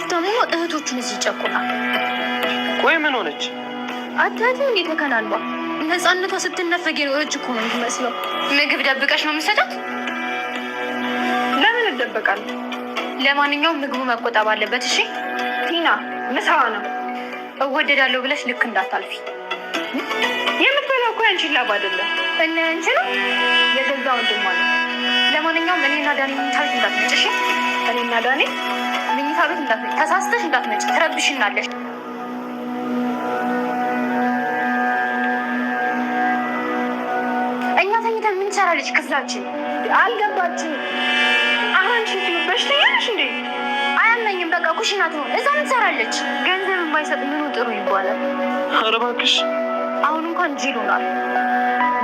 ባል ደግሞ እህቶቹን እዚህ ይጨቁናል። ቆይ ምን ሆነች? አታያትም እንዴ ተከናንቧል። ነፃነቷ ስትነፈግ ነው እኮ ነው የምትመስለው። ምግብ ደብቀሽ ነው የምትሰጣት? ለምን እደበቃለሁ? ለማንኛውም ምግቡ መቆጠብ አለበት። እሺ ቲና፣ ምሳዋ ነው። እወደዳለሁ ብለሽ ልክ እንዳታልፊ። የምትበላው እኮ ያንቺን ላብ አይደለም እና ያንቺ ነው የገዛ ወንድማ። ነው። ለማንኛውም እኔና ዳኔ ምንታዊት እሺ እኔና ዳኔ ከአረፋ ቤት እንዳትመጪ፣ ተሳስተሽ እንዳትመጪ፣ ትረብሽናለሽ። እኛ ተኝተን ምን ትሰራለች? ክፍላችን አልገባችም። አሁንሽ በሽተኛሽ እንዴ? አያመኝም። በቃ ኩሽናት ነው፣ እዛ ምን ትሰራለች? ገንዘብ የማይሰጥ ምኑ ጥሩ ይባላል? ኧረ እባክሽ አሁን እንኳን ጅል ሆናል።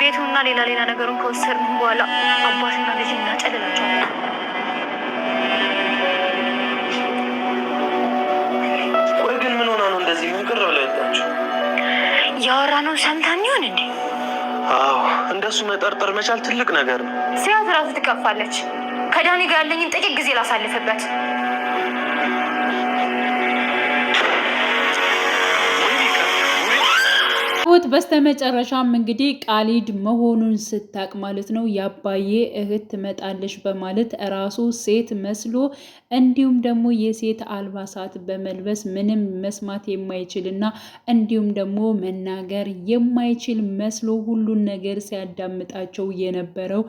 ቤቱና ሌላ ሌላ ነገሩን ከወሰድን በኋላ አባትና ልጅ እናጨልላቸዋለን። ከዚህ ምንቅር ብላ ወጣችሁ ያወራነው ሰምታን ይሆን እንዴ? አዎ፣ እንደሱ መጠርጠር መቻል ትልቅ ነገር ነው። ሲያት ራሱ ትከፋለች። ከዳኒ ጋር ያለኝን ጥቂት ጊዜ ላሳልፍበት ትሁት በስተመጨረሻም እንግዲህ ቃሊድ መሆኑን ስታቅ ማለት ነው የአባዬ እህት ትመጣለች በማለት ራሱ ሴት መስሎ እንዲሁም ደግሞ የሴት አልባሳት በመልበስ ምንም መስማት የማይችል እና እንዲሁም ደግሞ መናገር የማይችል መስሎ ሁሉን ነገር ሲያዳምጣቸው የነበረው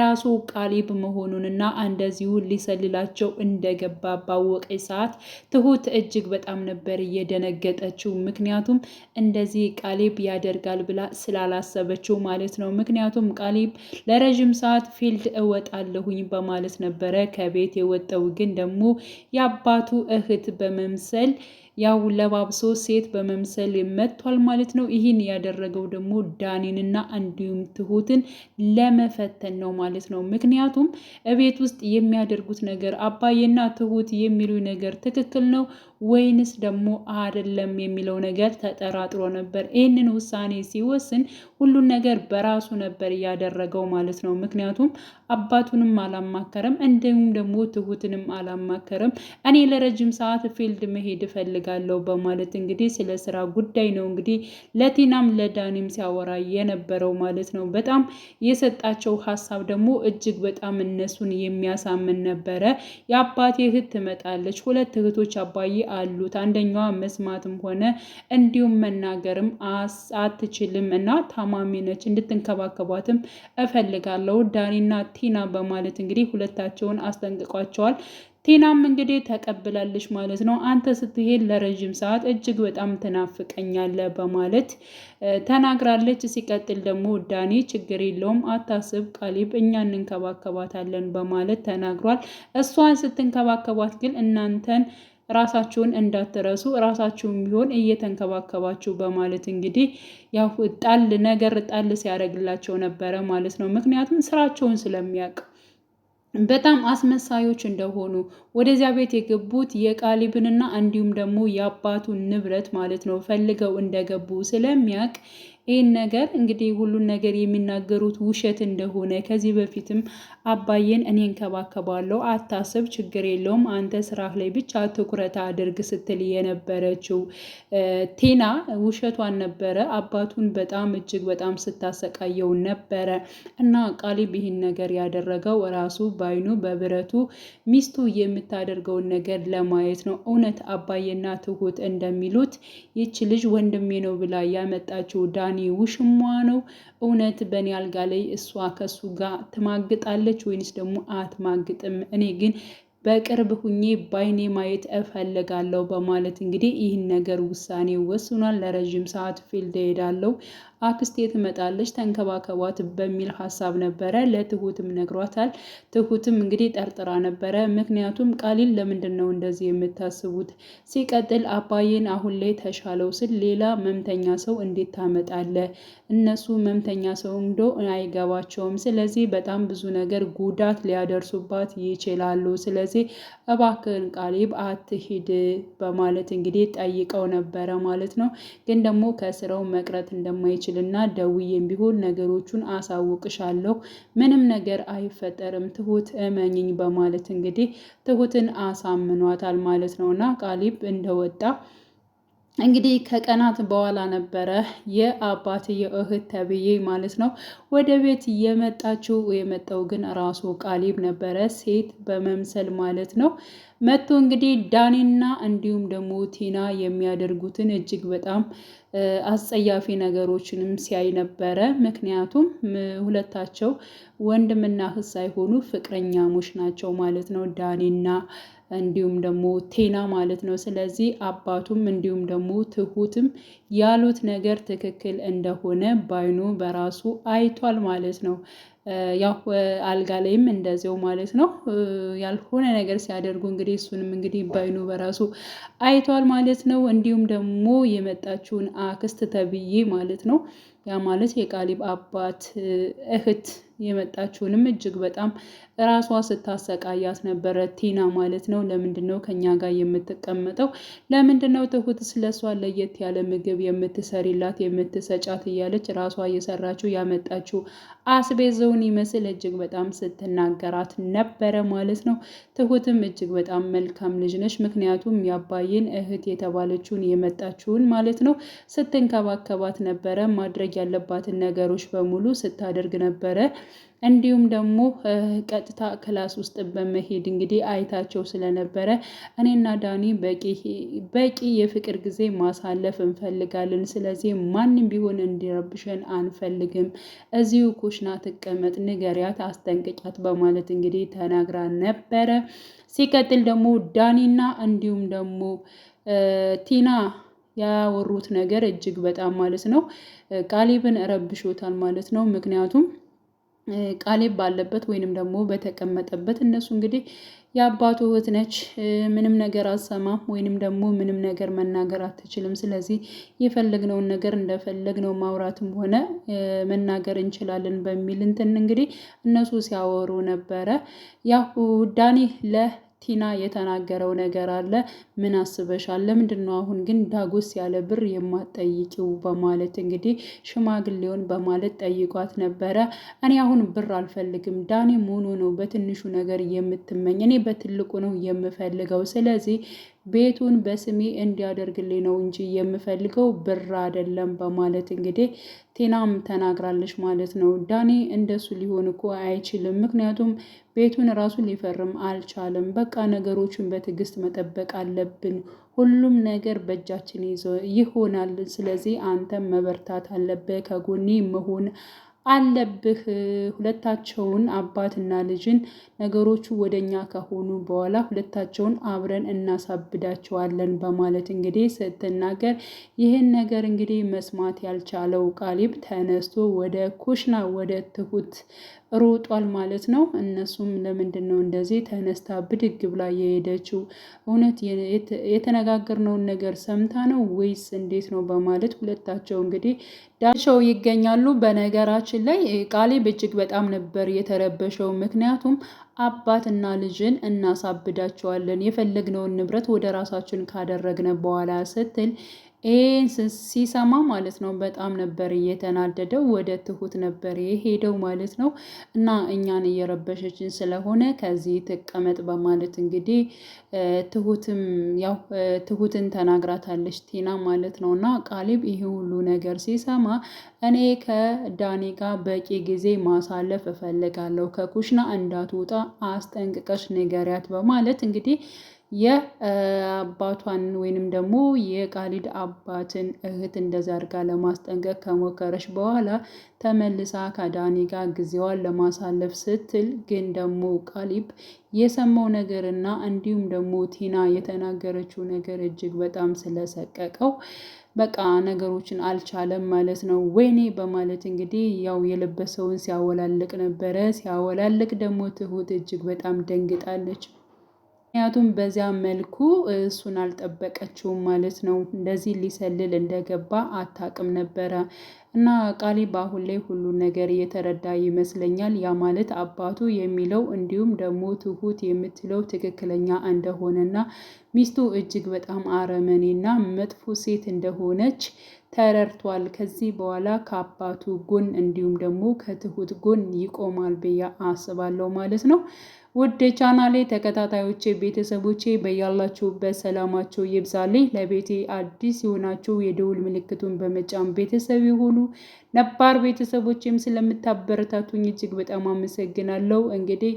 ራሱ ቃሊብ መሆኑንና እንደዚሁ ሊሰልላቸው እንደገባ ባወቀ ሰዓት ትሁት እጅግ በጣም ነበር የደነገጠችው። ምክንያቱም እንደዚህ ቃሊብ ያደርጋል ብላ ስላላሰበችው ማለት ነው። ምክንያቱም ቃሊብ ለረዥም ሰዓት ፊልድ እወጣለሁኝ በማለት ነበረ ከቤት የወጣው ግን ደግሞ የአባቱ እህት በመምሰል ያው ለባብሶ ሴት በመምሰል መጥቷል ማለት ነው። ይህን ያደረገው ደግሞ ዳኒንና እንዲሁም ትሁትን ለመፈተን ነው ማለት ነው። ምክንያቱም እቤት ውስጥ የሚያደርጉት ነገር አባዬና ትሁት የሚሉ ነገር ትክክል ነው ወይንስ ደግሞ አይደለም የሚለው ነገር ተጠራጥሮ ነበር። ይህንን ውሳኔ ሲወስን ሁሉን ነገር በራሱ ነበር እያደረገው ማለት ነው። ምክንያቱም አባቱንም አላማከረም፣ እንዲሁም ደግሞ ትሁትንም አላማከረም። እኔ ለረጅም ሰዓት ፊልድ መሄድ እፈልጋለሁ በማለት እንግዲህ ስለ ስራ ጉዳይ ነው እንግዲህ ለቲናም ለዳኒም ሲያወራ የነበረው ማለት ነው። በጣም የሰጣቸው ሀሳብ ደግሞ እጅግ በጣም እነሱን የሚያሳምን ነበረ። የአባቴ እህት ትመጣለች። ሁለት እህቶች አባዬ አሉት። አንደኛዋ መስማትም ሆነ እንዲሁም መናገርም አትችልም እና ታማሚ ነች፣ እንድትንከባከቧትም እፈልጋለሁ ዳኒና ቲና በማለት እንግዲህ ሁለታቸውን አስጠንቅቋቸዋል። ቴናም እንግዲህ ተቀብላለች ማለት ነው። አንተ ስትሄድ ለረዥም ሰዓት እጅግ በጣም ትናፍቀኛለህ በማለት ተናግራለች። ሲቀጥል ደግሞ ዳኒ ችግር የለውም አታስብ፣ ቃሊብ እኛ እንንከባከባታለን በማለት ተናግሯል። እሷን ስትንከባከቧት ግን እናንተን ራሳችሁን እንዳትረሱ ራሳችሁን ቢሆን እየተንከባከባችሁ በማለት እንግዲህ ያው ጣል ነገር ጣል ሲያደርግላቸው ነበረ ማለት ነው። ምክንያቱም ስራቸውን ስለሚያውቅ በጣም አስመሳዮች እንደሆኑ ወደዚያ ቤት የገቡት የቃሊብንና እንዲሁም ደግሞ የአባቱን ንብረት ማለት ነው ፈልገው እንደገቡ ስለሚያውቅ ይህን ነገር እንግዲህ ሁሉን ነገር የሚናገሩት ውሸት እንደሆነ ከዚህ በፊትም አባዬን እኔ እንከባከባለሁ፣ አታስብ፣ ችግር የለውም አንተ ስራህ ላይ ብቻ ትኩረት አድርግ ስትል የነበረችው ቴና ውሸቷን ነበረ። አባቱን በጣም እጅግ በጣም ስታሰቃየው ነበረ እና ቃሊብ ይህን ነገር ያደረገው ራሱ በአይኑ በብረቱ ሚስቱ የምታደርገውን ነገር ለማየት ነው። እውነት አባዬና ትሁት እንደሚሉት ይች ልጅ ወንድሜ ነው ብላ ያመጣችው ዳን ዳኒ ውሽሟ ነው? እውነት በእኔ አልጋ ላይ እሷ ከሱ ጋር ትማግጣለች ወይንስ ደግሞ አትማግጥም? እኔ ግን በቅርብ ሁኜ ባይኔ ማየት እፈልጋለሁ በማለት እንግዲህ ይህን ነገር ውሳኔ ወስኗል። ለረዥም ሰዓት ፊልድ እሄዳለሁ አክስቴ ትመጣለች ተንከባከቧት በሚል ሀሳብ ነበረ ለትሁትም ነግሯታል። ትሁትም እንግዲህ ጠርጥራ ነበረ። ምክንያቱም ቃሊን ለምንድን ነው እንደዚህ የምታስቡት? ሲቀጥል አባዬን አሁን ላይ ተሻለው ስል ሌላ መምተኛ ሰው እንዴት ታመጣለ? እነሱ መምተኛ ሰው እንዶ አይገባቸውም። ስለዚህ በጣም ብዙ ነገር ጉዳት ሊያደርሱባት ይችላሉ። ስለዚህ እባክን ቃሊብ አትሂድ በማለት እንግዲህ ጠይቀው ነበረ ማለት ነው። ግን ደግሞ ከስራው መቅረት እንደማይችል እንደምችልና ደውዬም ቢሆን ነገሮቹን አሳውቅሻለሁ ምንም ነገር አይፈጠርም ትሁት እመኝኝ በማለት እንግዲህ ትሁትን አሳምኗታል ማለት ነውና ቃሊብ እንደወጣ እንግዲህ ከቀናት በኋላ ነበረ የአባትየው እህት ተብዬ ማለት ነው ወደ ቤት የመጣችው። የመጣው ግን ራሱ ቃሊብ ነበረ ሴት በመምሰል ማለት ነው። መጥቶ እንግዲህ ዳኒና እንዲሁም ደግሞ ቲና የሚያደርጉትን እጅግ በጣም አስጸያፊ ነገሮችንም ሲያይ ነበረ። ምክንያቱም ሁለታቸው ወንድምና እህት ሳይሆኑ ፍቅረኛሞች ናቸው ማለት ነው ዳኒና እንዲሁም ደግሞ ቴና ማለት ነው። ስለዚህ አባቱም እንዲሁም ደግሞ ትሁትም ያሉት ነገር ትክክል እንደሆነ ባይኑ በራሱ አይቷል ማለት ነው። ያው አልጋ ላይም እንደዚው ማለት ነው። ያልሆነ ነገር ሲያደርጉ እንግዲህ እሱንም እንግዲህ ባይኑ በራሱ አይቷል ማለት ነው። እንዲሁም ደግሞ የመጣችውን አክስት ተብዬ ማለት ነው ያ ማለት የቃሊብ አባት እህት የመጣችውንም እጅግ በጣም ራሷ ስታሰቃያት ነበረ ቲና ማለት ነው። ለምንድን ነው ከኛ ጋር የምትቀመጠው? ለምንድን ነው ትሁት ስለሷ ለየት ያለ ምግብ የምትሰሪላት የምትሰጫት እያለች ራሷ እየሰራችው ያመጣችው አስቤዘውን ይመስል እጅግ በጣም ስትናገራት ነበረ ማለት ነው። ትሁትም እጅግ በጣም መልካም ልጅ ነች። ምክንያቱም ያባይን እህት የተባለችውን የመጣችውን ማለት ነው ስትንከባከባት ነበረ። ማድረግ ያለባትን ነገሮች በሙሉ ስታደርግ ነበረ። እንዲሁም ደግሞ ቀጥታ ክላስ ውስጥ በመሄድ እንግዲህ አይታቸው ስለነበረ እኔና ዳኒ በቂ የፍቅር ጊዜ ማሳለፍ እንፈልጋለን። ስለዚህ ማንም ቢሆን እንዲረብሸን አንፈልግም። እዚሁ ኩሽና ትቀመጥ፣ ንገሪያት፣ አስጠንቅቂያት በማለት እንግዲህ ተናግራ ነበረ። ሲቀጥል ደግሞ ዳኒና እንዲሁም ደግሞ ቲና ያወሩት ነገር እጅግ በጣም ማለት ነው ቃሊብን ረብሾታል ማለት ነው ምክንያቱም ቃሌ ባለበት ወይንም ደግሞ በተቀመጠበት እነሱ እንግዲህ የአባቱ እህት ነች፣ ምንም ነገር አትሰማም ወይንም ደግሞ ምንም ነገር መናገር አትችልም። ስለዚህ የፈለግነውን ነገር እንደፈለግነው ማውራትም ሆነ መናገር እንችላለን በሚል እንትን እንግዲህ እነሱ ሲያወሩ ነበረ ያው ዳኒ ለ ቲና የተናገረው ነገር አለ። ምን አስበሻል? ለምንድን ነው አሁን ግን ዳጎስ ያለ ብር የማትጠይቂው? በማለት እንግዲህ ሽማግሌውን በማለት ጠይቋት ነበረ። እኔ አሁን ብር አልፈልግም ዳኔ፣ መሆኑ ነው በትንሹ ነገር የምትመኝ፣ እኔ በትልቁ ነው የምፈልገው። ስለዚህ ቤቱን በስሜ እንዲያደርግልኝ ነው እንጂ የምፈልገው ብር አይደለም በማለት እንግዲህ ቴናም ተናግራለች ማለት ነው። ዳኒ እንደሱ ሊሆን እኮ አይችልም፣ ምክንያቱም ቤቱን ራሱን ሊፈርም አልቻለም። በቃ ነገሮችን በትዕግስት መጠበቅ አለብን። ሁሉም ነገር በእጃችን ይሆናል። ስለዚህ አንተም መበርታት አለብህ፣ ከጎኔ መሆን አለብህ። ሁለታቸውን አባትና ልጅን ነገሮቹ ወደኛ ከሆኑ በኋላ ሁለታቸውን አብረን እናሳብዳቸዋለን በማለት እንግዲህ ስትናገር ይህን ነገር እንግዲህ መስማት ያልቻለው ቃሊብ ተነስቶ ወደ ኩሽና ወደ ትሁት ሮጧል ማለት ነው። እነሱም ለምንድን ነው እንደዚህ ተነስታ ብድግ ብላ የሄደችው? እውነት የተነጋገርነውን ነገር ሰምታ ነው ወይስ እንዴት ነው? በማለት ሁለታቸው እንግዲህ ዳሸው ይገኛሉ። በነገራችን በነገራችን ላይ ቃሌ በእጅግ በጣም ነበር የተረበሸው። ምክንያቱም አባትና ልጅን እናሳብዳቸዋለን የፈለግነውን ንብረት ወደ ራሳችን ካደረግነ በኋላ ስትል ይህን ሲሰማ ማለት ነው በጣም ነበር እየተናደደው። ወደ ትሁት ነበር የሄደው ማለት ነው። እና እኛን እየረበሸችን ስለሆነ ከዚህ ትቀመጥ በማለት እንግዲህ ትሁትም ያው ትሁትን ተናግራታለች ቲና ማለት ነው። እና ቃሊብ ይሄ ሁሉ ነገር ሲሰማ እኔ ከዳኒ ጋር በቂ ጊዜ ማሳለፍ እፈልጋለሁ፣ ከኩሽና እንዳትወጣ አስጠንቅቀሽ ንገሪያት በማለት እንግዲህ የአባቷን ወይንም ደግሞ የቃሊድ አባትን እህት እንደዛ አድርጋ ለማስጠንቀቅ ከሞከረች በኋላ ተመልሳ ከዳኒ ጋር ጊዜዋን ለማሳለፍ ስትል ግን ደግሞ ቃሊብ የሰማው ነገር እና እንዲሁም ደግሞ ቲና የተናገረችው ነገር እጅግ በጣም ስለሰቀቀው በቃ ነገሮችን አልቻለም ማለት ነው። ወይኔ በማለት እንግዲህ ያው የለበሰውን ሲያወላልቅ ነበረ። ሲያወላልቅ ደግሞ ትሁት እጅግ በጣም ደንግጣለች። ምክንያቱም በዚያ መልኩ እሱን አልጠበቀችውም ማለት ነው። እንደዚህ ሊሰልል እንደገባ አታውቅም ነበረ። እና ቃሌ በአሁን ላይ ሁሉን ነገር እየተረዳ ይመስለኛል። ያ ማለት አባቱ የሚለው እንዲሁም ደግሞ ትሁት የምትለው ትክክለኛ እንደሆነና ሚስቱ እጅግ በጣም አረመኔና መጥፎ ሴት እንደሆነች ተረድቷል። ከዚህ በኋላ ከአባቱ ጎን እንዲሁም ደግሞ ከትሁት ጎን ይቆማል ብዬ አስባለሁ ማለት ነው። ውድ ቻናሌ ተከታታዮቼ ቤተሰቦቼ በያላችሁበት ሰላማቸው ይብዛልኝ። ለቤቴ አዲስ የሆናችሁ የደውል ምልክቱን በመጫን ቤተሰብ የሆኑ ነባር ቤተሰቦችም ስለምታበረታቱኝ እጅግ በጣም አመሰግናለሁ። እንግዲህ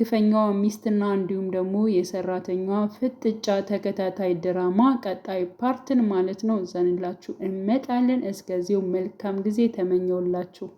ግፈኛዋ ሚስትና እንዲሁም ደግሞ የሰራተኛዋ ፍጥጫ ተከታታይ ድራማ ቀጣይ ፓርትን ማለት ነው ይዘንላችሁ እንመጣለን። እስከዚያው መልካም ጊዜ ተመኘውላችሁ።